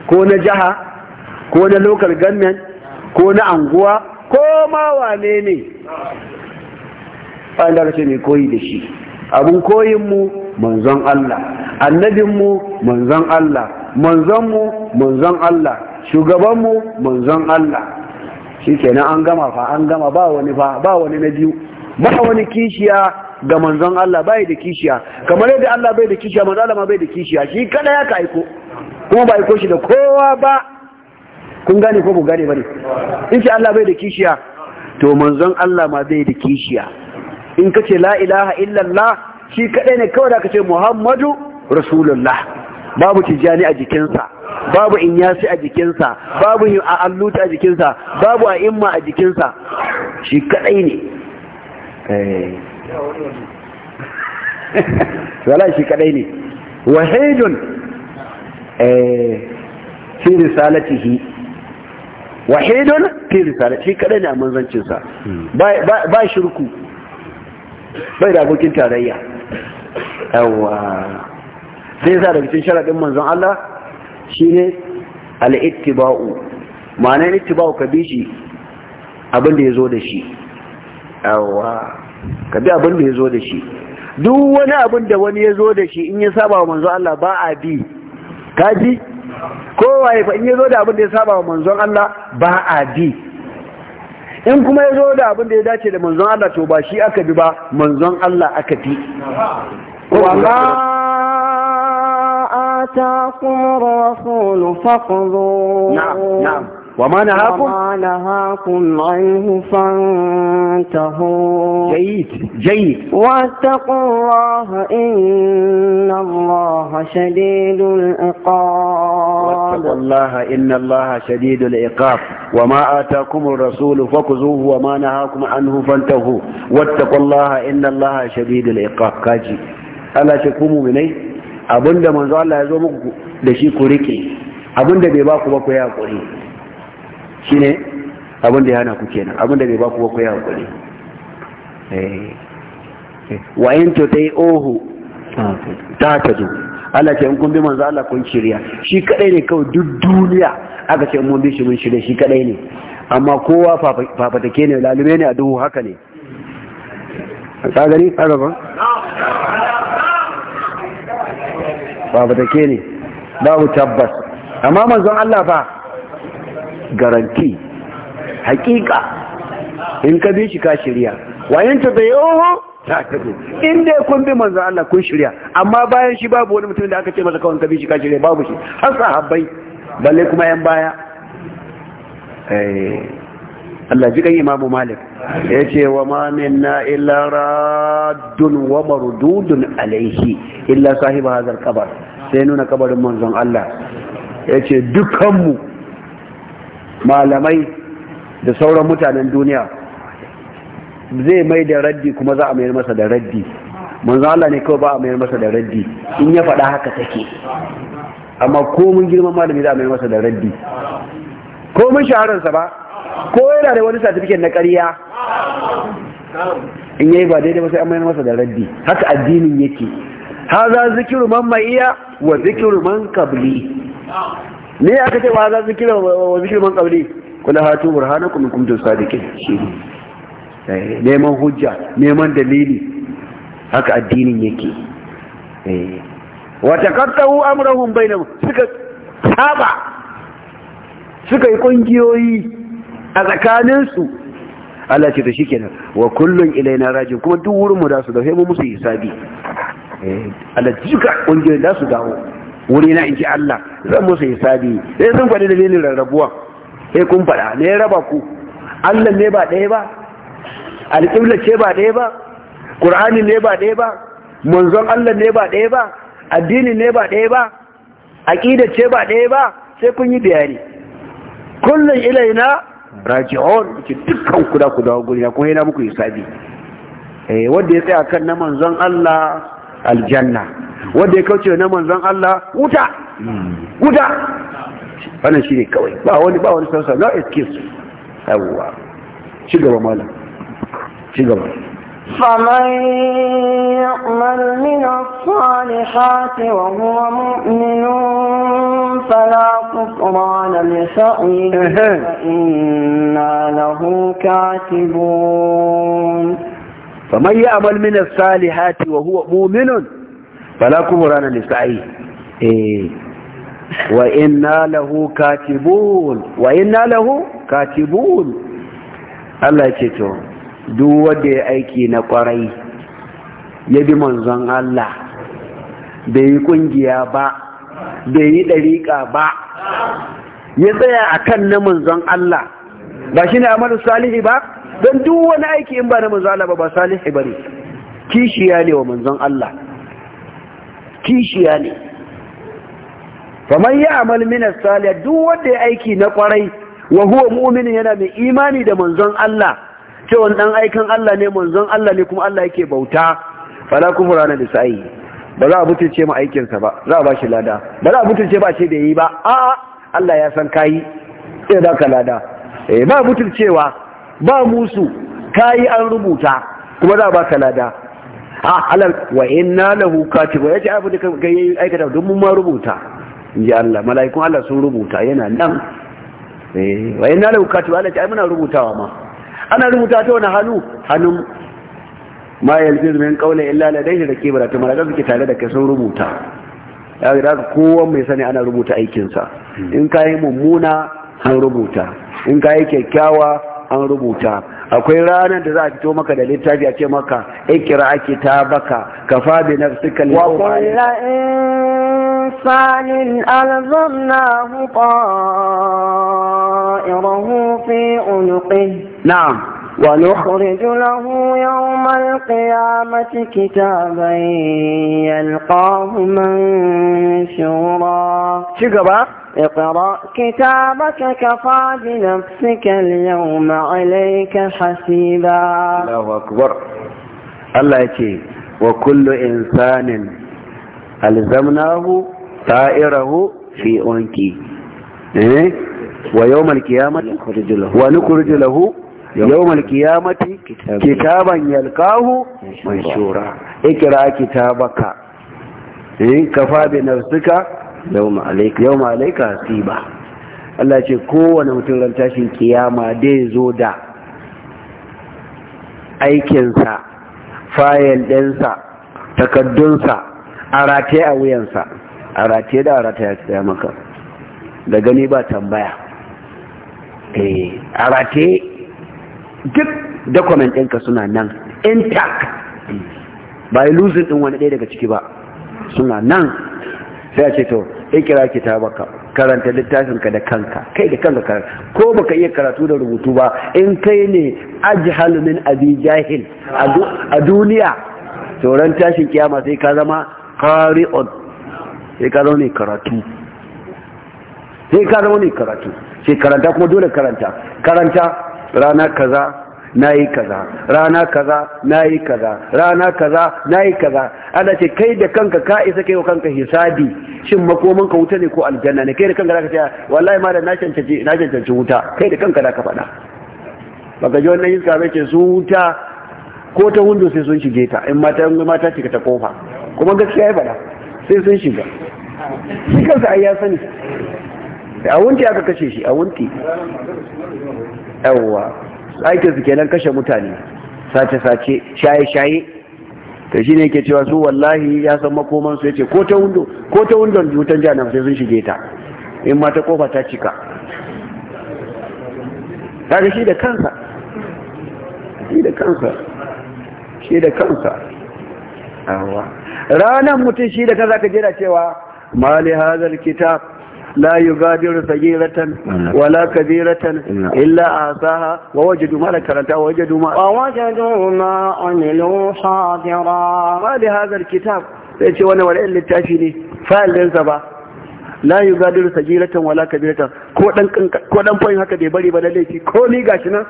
ko na jiha ko na local government ko na anguwa ko ma wane ne ba da aka ce mai koyi da shi abin koyinmu manzon Allah annabinmu manzon Allah manzonmu manzon Allah shugabanmu manzon Allah shi kenan an gama fa an gama ba wani fa ba wani na biyu ba wani kishiya ga manzon Allah bai da kishiya kamar yadda Allah bai da kishiya manzon Allah ma bai da kishiya shi kada ya ka aiko kuma ba aiko shi da kowa ba kun gane ko ku gane bane in shi Allah bai da kishiya to manzon Allah ma bai da kishiya in ka ce la ilaha illallah shi kadai ne kawai da aka ce muhammadu rasulullah babu tijjani a jikinsa babu in yasi a jikinsa babu a alluta a jikinsa babu a imma a jikinsa shi kadai ne eh. wala shi kadai ne wahidun eh, fi risalatihi wahidun fi risalatihi shi kadai ne a manzancinsa hmm. ba shirku bai da abokin tarayya yawa sai sa daga cikin sharaɗin manzon Allah shine al-ittiba'u ma'ana ittiba'u ka bi shi abin da zo da shi yawa ka bi abin da zo da shi duk wani abin da wani ya zo da shi in ya saba wa manzon Allah ba a bi ka ji ya fa in zo da abin da ya saba wa manzon Allah ba a bi in kuma ya zo da abin da ya dace da manzon Allah to ba shi aka bi ba manzon Allah aka fi wala الرسول rasul na'am وما نهاكم وما نهاكم عنه فانتهوا جيد جيد واتقوا الله إن الله شديد العقاب واتقوا الله إن الله شديد العقاب وما آتاكم الرسول فخذوه وما نهاكم عنه فانتهوا واتقوا الله إن الله شديد العقاب كاجي ألا شكوموا مني أبن من الله يزومك دشي كوريكي أبن bai ba ku ba ku ya kuri shine ne da ya hana ku kenan abinda da bai ba ku ba ku yi eh, eh, wa in to dai ohu ta ta zo Allah ce in kun bi manzo Allah kun shirya shi kadai ne kawai duk duniya aka ce mun bi shi mun shirya shi kadai ne amma kowa fafatake ne lalube ne a duhu haka ne ka gani haka ba fafatake ne babu tabbas amma manzon Allah ba garanti hakika in ka bi shi ka shirya wayan ta da yoho ta tafi in dai kun bi manzo Allah kun shirya amma bayan shi babu wani mutum da aka ce masa kawai ka bi shi ka shirya babu shi har sahabbai balle kuma yan baya eh, Allah jikan Imam malik yace ce wa ma minna illa raddun wa mardudun alaihi illa sahiba hazar kabar sai nuna kabarin manzon Allah yace ce mu. malamai da sauran mutanen duniya zai mai da raddi kuma za a mayar masa da raddi manzo Allah ne kawai ba a mayar masa da raddi in ya faɗa haka take amma ko mun girman malami za a mayar masa da raddi ko mun shahararsa ba ko yana da wani certificate na ƙarya in yayi ba daidai ba sai an mayar masa da raddi haka addinin yake haza zikiru man ma'iya wa zikiru man kabli Ne aka ce ba za su kira wa zikirman kabli kula hatu burhanakum in kuntum sadiqin eh, neman hujja neman dalili haka addinin yake eh, wa taqattu amrahum bainahum suka saba suka yi kungiyoyi a tsakaninsu Allah ce to shikenan wa kullun ilaina rajin kuma duk wurin mu da su da sai mu musu hisabi eh, Allah duka kungiyoyi da su dawo wuri na in Allah zan musu hisabi sai sun faɗi dalilin rarrabuwa sai kun faɗa ne raba ku Allah ne ba ɗaya ba alƙibla ce ba ɗaya ba ƙur'ani ne ba ɗaya ba manzon Allah ne ba ɗaya ba addini ne ba ɗaya ba aƙida ce ba ɗaya ba sai kun yi bayani Kullum ilaina raji'un ki dukkan ku da ku dawo guri na yana muku hisabi eh wanda ya tsaya kan na manzon Allah aljanna wanda ya kauce na manzon Allah wuta wuta wannan ne kawai ba wani ba wani sansa no excuse yawwa ci gaba malam ci gaba فمن يعمل من الصالحات وهو مؤمن فلا كفران لسعيه فإنا له كاتبون فمن يعمل من الصالحات وهو مؤمن fala kubura na lissa'i wa inna lahu katibun wa inna lahu katibun Allah ce to duk wanda ya aiki na kwarai ya bi manzon Allah bai yi kungiya ba bai yi dariƙa ba ya tsaya akan na manzon Allah ba shine amalu salihi ba don duk wani aiki in ba na manzon Allah ba ba salihi bane kishiya ne wa manzon Allah kishiya ne faman ya amal min salih duk wanda ya aiki na kwarai wa huwa mu'min yana mai imani da manzon Allah cewa dan aikan Allah ne manzon Allah ne kuma Allah yake bauta fala kufrana da sa'i ba za a butulce mu aikin sa ba za a bashi lada ba za a butulce ba ce da yi ba a Allah ya san kai sai da ka lada eh ba butulcewa ba musu kayi an rubuta kuma za a baka lada a ah, alal wa inna lahu katibu yace abu da kai yayi aikata don mun ma rubuta inji Allah mala'ikun Allah sun rubuta yana nan eh wa inna lahu katibu Allah ai muna rubutawa ma ana rubuta ta wani hannu hannun ma yalfiz min qawla illa ladayhi rakibra to mala'ikun suke tare da kai sun rubuta ya ga kowa mai sani ana rubuta aikinsa in kayi mummuna an rubuta in kayi kyakkyawa an rubuta akwai ranar da za a fito maka da littafi a ce maka ikira ake ta baka ka fabi na suka na ألزمناه طائره في عنقه نعم ونخرج له يوم القيامة كتابا يلقاه منشورا شكرا اقرأ كتابك كفى بنفسك اليوم عليك حسيبا الله أكبر الله يتي وكل إنسان ألزمناه طائره في أنكي إيه؟ ويوم القيامة ونخرج له يوم القيامة كتابا يلقاه منشورا اقرأ كتابك كفى بنفسك يوم عليك يوم عليك حسيبا Allah ce kowane mutum ran tashin kiyama dai zo da aikinsa fayil ɗinsa takaddunsa a rataye a wuyansa a da a rataye ya maka da gani ba tambaya duk document ɗinka suna nan intact ba yi losing ɗin wani ɗaya daga ciki ba suna nan sai a ce to ikira baka karanta littafin ka da kanka kai da kanka karanta ko baka iya karatu da rubutu ba in kai ne ajhal min abi jahil a duniya tsoron tashin kiyama sai ka zama qari'un sai ka zama ne karatu sai ka zama ne karatu sai karanta kuma dole karanta karanta rana kaza na yi kaza rana kaza na yi kaza rana kaza na yi kaza ana ce kai da kanka ka isa kai wa kanka hisabi shin makoman ka wuta ne ko aljanna ne kai da kanka zaka ce wallahi ma da na cancanci na cancanci wuta kai da kanka zaka faɗa baka ji wannan iska bai ce su wuta ko ta hundu sai sun shige ta in mata in mata ce ta kofa kuma gaskiya ya faɗa sai sun shiga shi kansa ai ya sani a wunti aka kashe shi a wunti yawwa aikin su kenan kashe mutane sace sace shaye shaye shi ne ke cewa su wallahi ya san makoman su ce ko ta windo ko ta windon wutan jahannam sai sun shige ta in ma ta kofa ta cika kaga shi da kansa shi da kansa shi da kansa ranar mutum shi da kansa ka jira cewa mali hazal kitab لا يغادر صغيرة ولا كبيرة إلا أعصاها ووجدوا ما لكرنتا ووجدوا ما ووجدوا ما عملوا حاضرا ما هذا الكتاب يأتي وانا ولا إلا التافيني فعل لنسبة لا يغادر صغيرة ولا كبيرة kabiratan ko dan ko dan fayin haka bai bari ba da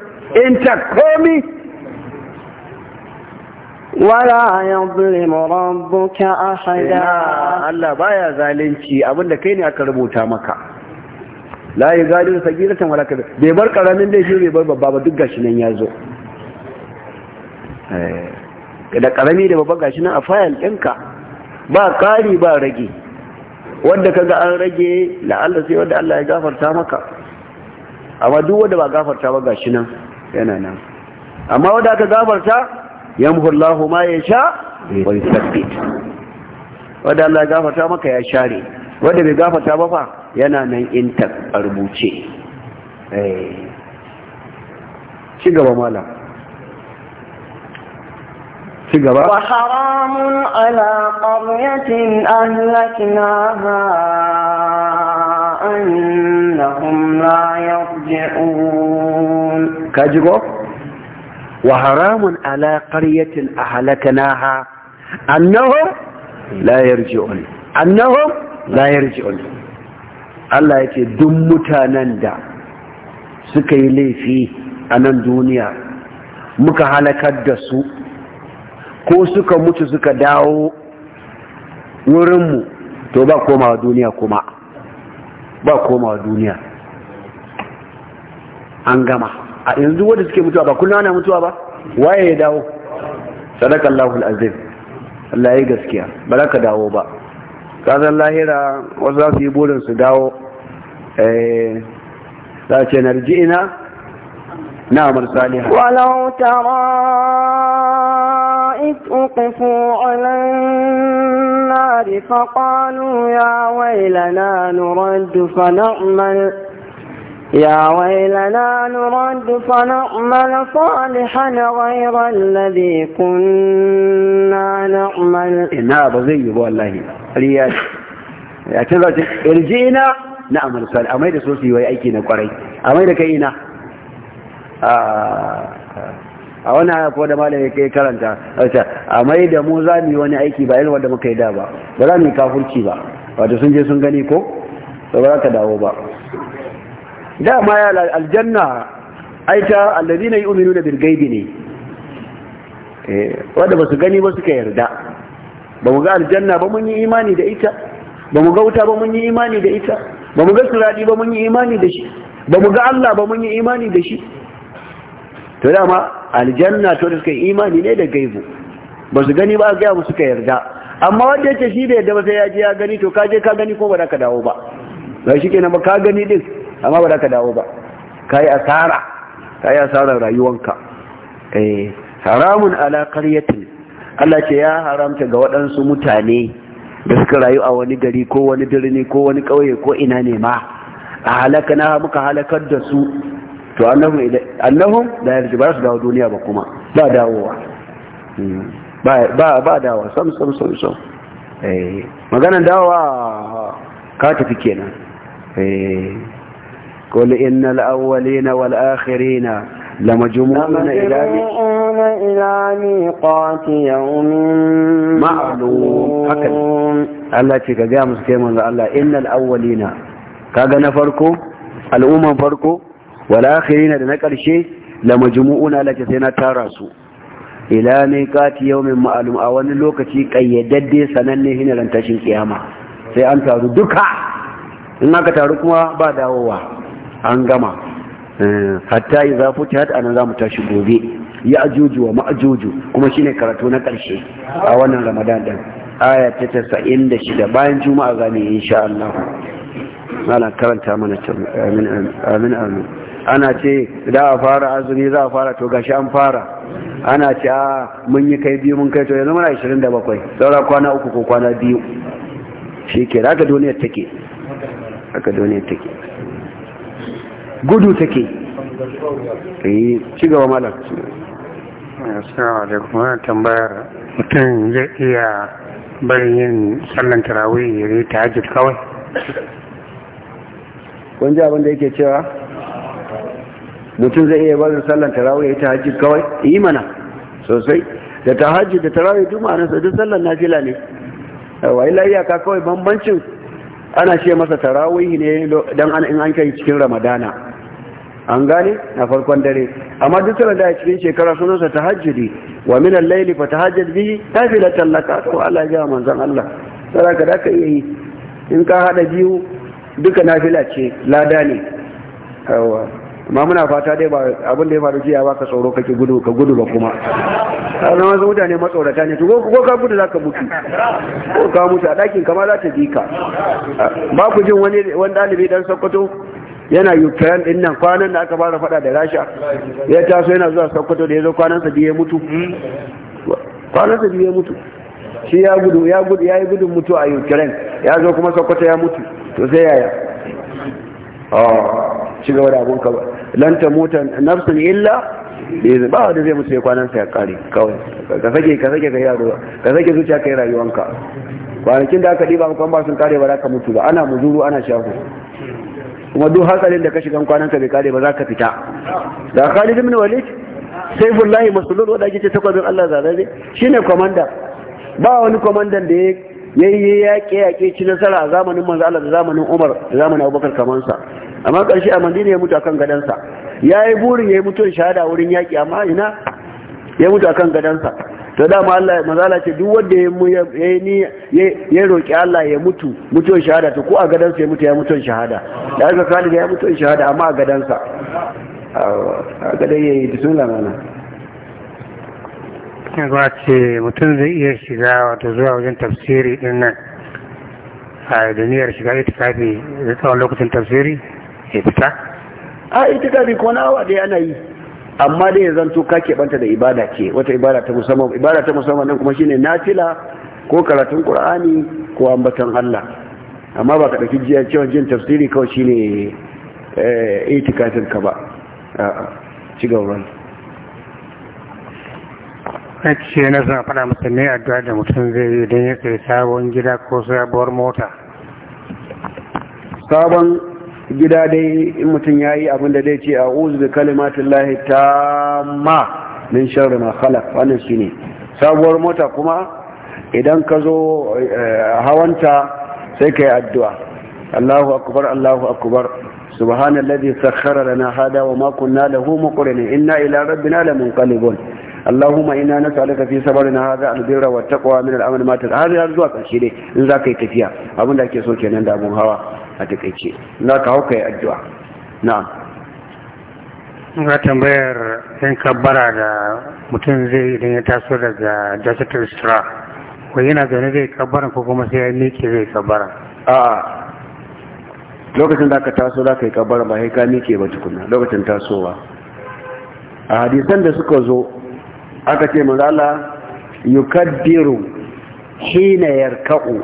wala yadhlimu a haida. Allah baya zalunci abinda kai ne aka rubuta maka la yughadiru sagiratan wala kabir bai bar karamin laifi bai bar babba ba duk gashi nan yazo eh da karami da babba gashi nan a fayan ɗinka ba ƙari ba rage wanda kaga an rage la'alla sai wanda Allah ya gafarta maka amma duk wanda ba gafarta ba gashi nan yana nan amma wanda aka gafarta Yan Allahu ma yasha wa yuthabbit wanda Allah gafarta maka ya share wanda bai gafarta ba fa yana nan inta a rubuce eh ci وحرام على قرية أهلكناها أنهم لا يرجعون wa haramun ala qaryatin ahlaknaha annahum la yarji'un annahum la yarji'un Allah yake duk mutanen da suka yi laifi a nan duniya muka halakar da su ko suka mutu suka dawo wurinmu to ba komawa duniya kuma ba komawa duniya an gama a yanzu wadda suke mutuwa ba kullum ana mutuwa ba waye ya dawo Sadaka Al alazim Allah ya gaskiya ba ka dawo ba kasan lahira wasu za su yi burin su dawo eh, za ce ina, na amur saliha walau tara it النار فقالوا يا ويلنا نرد فنعمل يا ويلنا نرد فنعمل صالحا غير الذي كنا نعمل إنها بزي والله رياش اعتذرت ارجينا نعمل صالح أما سوسي ويأيكينا قري أما كينا a wani haya ko da malami kai karanta a mai da mu za mu yi wani aiki ba irin wanda muka yi da ba ba za mu yi kafurci ba sun je sun gani ko ba za ka dawo ba dama ya aljanna aita yi yu'minuna bil ghaibi ne eh wanda basu gani ba suka yarda ba mu ga aljanna ba mun yi imani da ita ba mu ga wuta ba mun yi imani da ita ba mu ga suradi ba mun yi imani da shi ba mu ga Allah ba mun yi imani da shi to dama aljanna to da suka yi imani ne da gaibu ba su gani ba ga mu suka yarda amma wanda yake shi da ba sai ya je ya gani to ka je ka gani ko ba za ka dawo ba ba shi kenan ba ka gani din amma ba da ka dawo ba ka yi asara ka yi asara rayuwanka eh haramun ala qaryatin Allah ce ya haramta ga waɗansu mutane da suka rayu a wani gari ko wani birni ko wani ƙauye ko ina ne ma a halaka na muka halakar da su to annahum da yarji ba su dawo duniya ba kuma ba dawowa hmm. ba ba dawowa sam sam sam sam eh maganan dawowa ka tafi kenan eh قل إن الأولين والآخرين لمجموعون إلى إلى ميقات يوم معلوم هكذا الله تيكا جامس كيما الله إن الأولين كاغا نفركو الأمم فركو والآخرين لنكر شيء لمجموعون على كثيرا تارسو إلى ميقات يوم معلوم أولا لوكتي كي يدد سننه هنا لن تشين قيامة سيأنت دكا إنك تاركوا بعد أوه an gama eh, hatta yi za fi a nan za mu tashi gobe ya ajuju wa ma'ajuju kuma shine karatu na ƙarshe a wannan ramadan din aya ta tasa'in da shida bayan juma'a za mu yi insha Allah ana karanta mana amin amin ana ce da a fara azumi za a fara to gashi an fara ana ce a mun yi kai biyu mun kai to yanzu muna 27 saura kwana uku ko kwana biyu shi ke haka duniyar take haka duniyar take gudu take eh ci gaba malam assalamu alaikum wannan tambayar mutum zai iya barin yin sallan tarawih ya yi tahajjud kawai kun ji abin da yake cewa mutum zai iya barin sallan tarawih ya yi tahajjud kawai yi mana sosai da ta tahajjud da tarawih duk ma'anarsa duk sallan nafila ne wa illa iyaka kawai bambancin ana ce masa tarawih ne dan in an kai cikin ramadana an gane na farkon dare amma duk tana da cikin shekara sunansa tahajjudi wa min al-layli fa tahajjad bihi nafilatan laka to Allah ya manzan Allah saraka da ka yi in ka hada biyu duka nafila ce lada ne yawa amma muna fata dai ba abin da ya faru jiya ba ka tsoro kake gudu ka gudu ba kuma sannan wasu mutane matsorata ne ko ka gudu za ka mutu ko ka mutu a ɗakin kama za ta bi ka ba ku jin wani ɗalibi ɗan sokoto yana ukraine din nan kwanan da aka fara fada da rasha ya taso yana zuwa sokoto da ya zo kwanansa sa biye mutu kwanansa sa biye mutu shi ya gudu ya gudu ya yi gudun mutu a ukraine ya zo kuma sokoto ya mutu to sai yaya ah, ci gaba da abun ka ba lan ta muta nafsin illa ba wanda zai mutu ya sa ya kare kawai ka sake ka sake kai yaro ka sake zuciya ka yi rayuwanka kwanakin da aka ɗiba kwan ba sun kare ba za ka mutu ba ana muzuru ana shafu kuma duk hatsarin da ka shigan kwanan ka bai kare ba za ka fita da Khalid ibn Walid Saifullahi Masulul wanda ake ce takwazin Allah zalare shine komanda ba wani komandan da ya yi yaƙe yaƙe ci nasara a zamanin manzo Allah da zamanin Umar da zamanin Abubakar kaman sa amma ƙarshe a Madina ya mutu akan gadan sa yayi burin yayi mutu shahada wurin yaƙi amma ina ya mutu akan gadan sa to dama Allah mazala ce duk wanda ya ni ya roki Allah ya mutu mutuwar shahada to ko a gadan sa ya mutu ya mutuwar shahada da aka kali ya mutuwar shahada amma a gadan sa a gadan yayi bismillah mana ya ba ce mutum zai iya shiga wato zuwa wajen tafsiri din nan a duniyar shiga kafi zai tsawon lokacin tafsiri ya fita a ita ko na awa da ana yi amma dai ya to ka keɓanta da ibada ce wata ibada ta musamman ibada ta musamman nan kuma shine nafila ko karatun qur'ani ko ambaton Allah amma ba ka dauki jiya cewa jin tafsiri kawai shine eh itikafin ka ba a ci gaba ce na suna faɗa masa addu'a da mutum zai yi don ya sai sabon gida ko sabuwar mota sabon gida dai mutum ya yi abin da zai ce a uzu bi kalimatin lahi ta ma min sharri ma khalaq wannan shine sabuwar mota kuma idan ka zo eh, hawanta sai ka yi addu'a Allahu akbar Allahu akbar subhanallazi sakhkhara lana hada wa ma kunna lahu muqrinin inna ila rabbina lamunqalibun اللهم انا نسالك fi صبرنا هذا al-birra wa taqwa min al har ya zuwa karshe dai in za ka yi tafiya abin da ake so kenan da abun hawa a takaice za ka hau kai addu'a ga tambayar yin kabbara da mutum zai idan ya taso daga jasatul istra ko yana zaune zai kabbara ko kuma sai ya miƙe zai kabbara a'a lokacin da ka taso za ka yi kabbara ba sai ka miƙe ba tukuna lokacin tasowa a hadisan da suka zo aka ce mazala yukaddiru hina yarka'u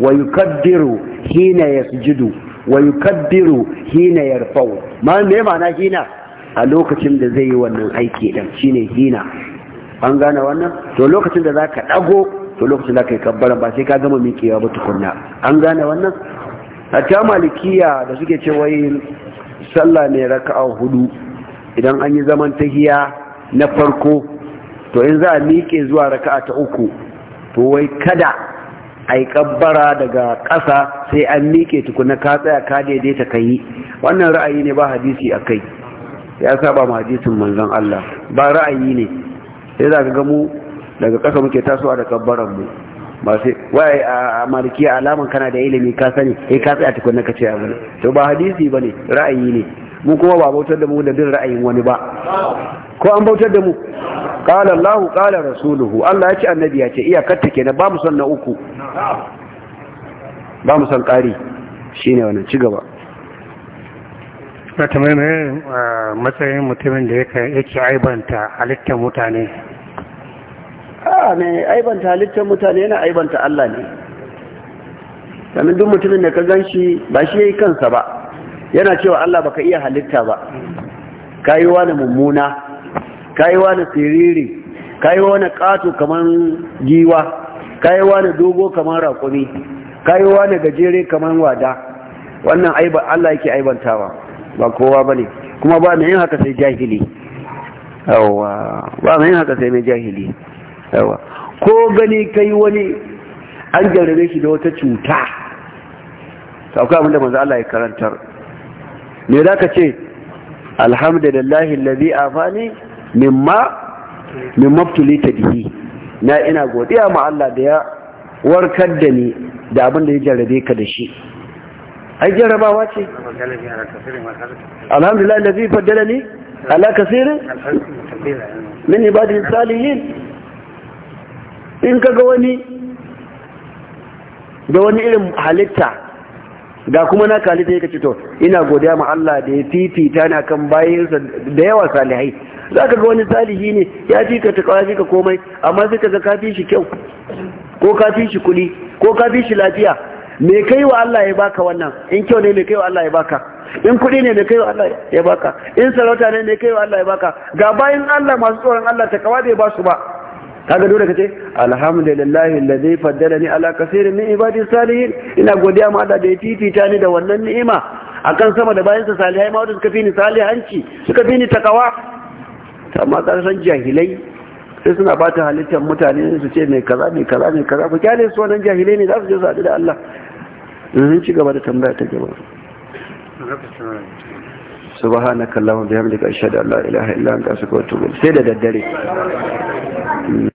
wa yukaddiru hina yasjudu wa yukaddiru hina yarfa'u ma me na hina a lokacin da zai yi wannan aiki dan shine hina an gane wannan to lokacin da zaka dago to lokacin da kai kabbara ba sai ka gama miƙewa ba tukunna an gane wannan A ta malikiya da suke ce wai sallah ne raka'a hudu idan an yi zaman tahiya na farko to in za a miƙe zuwa raka'a ta uku to wai kada a yi ƙabbara daga ƙasa sai an miƙe tukuna ka tsaya ka daidai ka yi wannan ra'ayi ne ba hadisi a kai ya saba ma hadisin manzon Allah ba ra'ayi ne sai za ka gamu daga ƙasa muke tasowa da ƙabbaran mu ba sai wai a malikiya alaman kana da ilimi ka sani eh ka tsaya tukuna ka ce abin to ba hadisi ba ne, ra'ayi ne mu kuma ba bautar da mu da bin ra'ayin wani ba ko an bautar da mu qala Allahu qala rasuluhu Allah ya ce annabi ya ce iyakar ta kenan ba mu san na uku ba mu san ƙari shine wannan ci gaba ta mai eh, matsayin mutumin da yake aibanta halittar mutane a ne aibanta halittar mutane yana aibanta Allah ne domin duk mutumin da ka gan shi ba shi ya yi kansa ba yana cewa Allah baka iya halitta ba kayi wani mummuna kayi wani siriri kayi wani kato kamar giwa kayi wani dogo kamar rakumi kayi wani gajere kamar wada wannan aiba Allah yake aibantawa ba kowa bane kuma ba mai yin haka sai jahili yawa ba mai yin haka sai mai jahili yawa ko gani kai wani an jarrabe shi da wata cuta sauka abinda manzo Allah ya karantar me za ka ce alhamdulillahi lazi afani mimma mimma ta dihi na ina godiya ma Allah da ya warkar da ni da abin da ya jarrabe ka da shi ai jarrabawa ce alhamdulillah lazi faddala ni ala kasirin min ibadin salihin in ka ga wani da wani irin halitta ga kuma na kali ta yake cito. ina godiya ma Allah da ya fifita na kan bayinsa da yawa salihai za ka ga wani salihi ne ya fi ka taƙawa fi ka komai amma sai ka ga ka fi shi kyau ko ka fi shi kuɗi ko ka fi shi lafiya me kai wa Allah ya baka wannan in kyau ne me kai wa Allah ya baka in kuɗi ne me kai wa Allah ya baka in sarauta ne me kai wa Allah ya baka ga bayin Allah masu tsoron Allah taƙawa bai ba su ba kaga dole kace alhamdulillahi alladhi faddalani ala kaseerin min ibadi salihin ina godiya ma da da titita ni da wannan ni'ima akan sama da bayansa salihai ma wanda suka fi ni salihanci suka fi ni takawa amma san jahilai sai suna ta halittar mutane su ce mai kaza mai kaza mai kaza ku kyale su wannan jahilai ne za su je su haɗu da Allah in ci gaba da tambaya ta gaba subhanakallahumma bihamdika ashhadu an la ilaha illa anta astaghfiruka wa atubu sai da daddare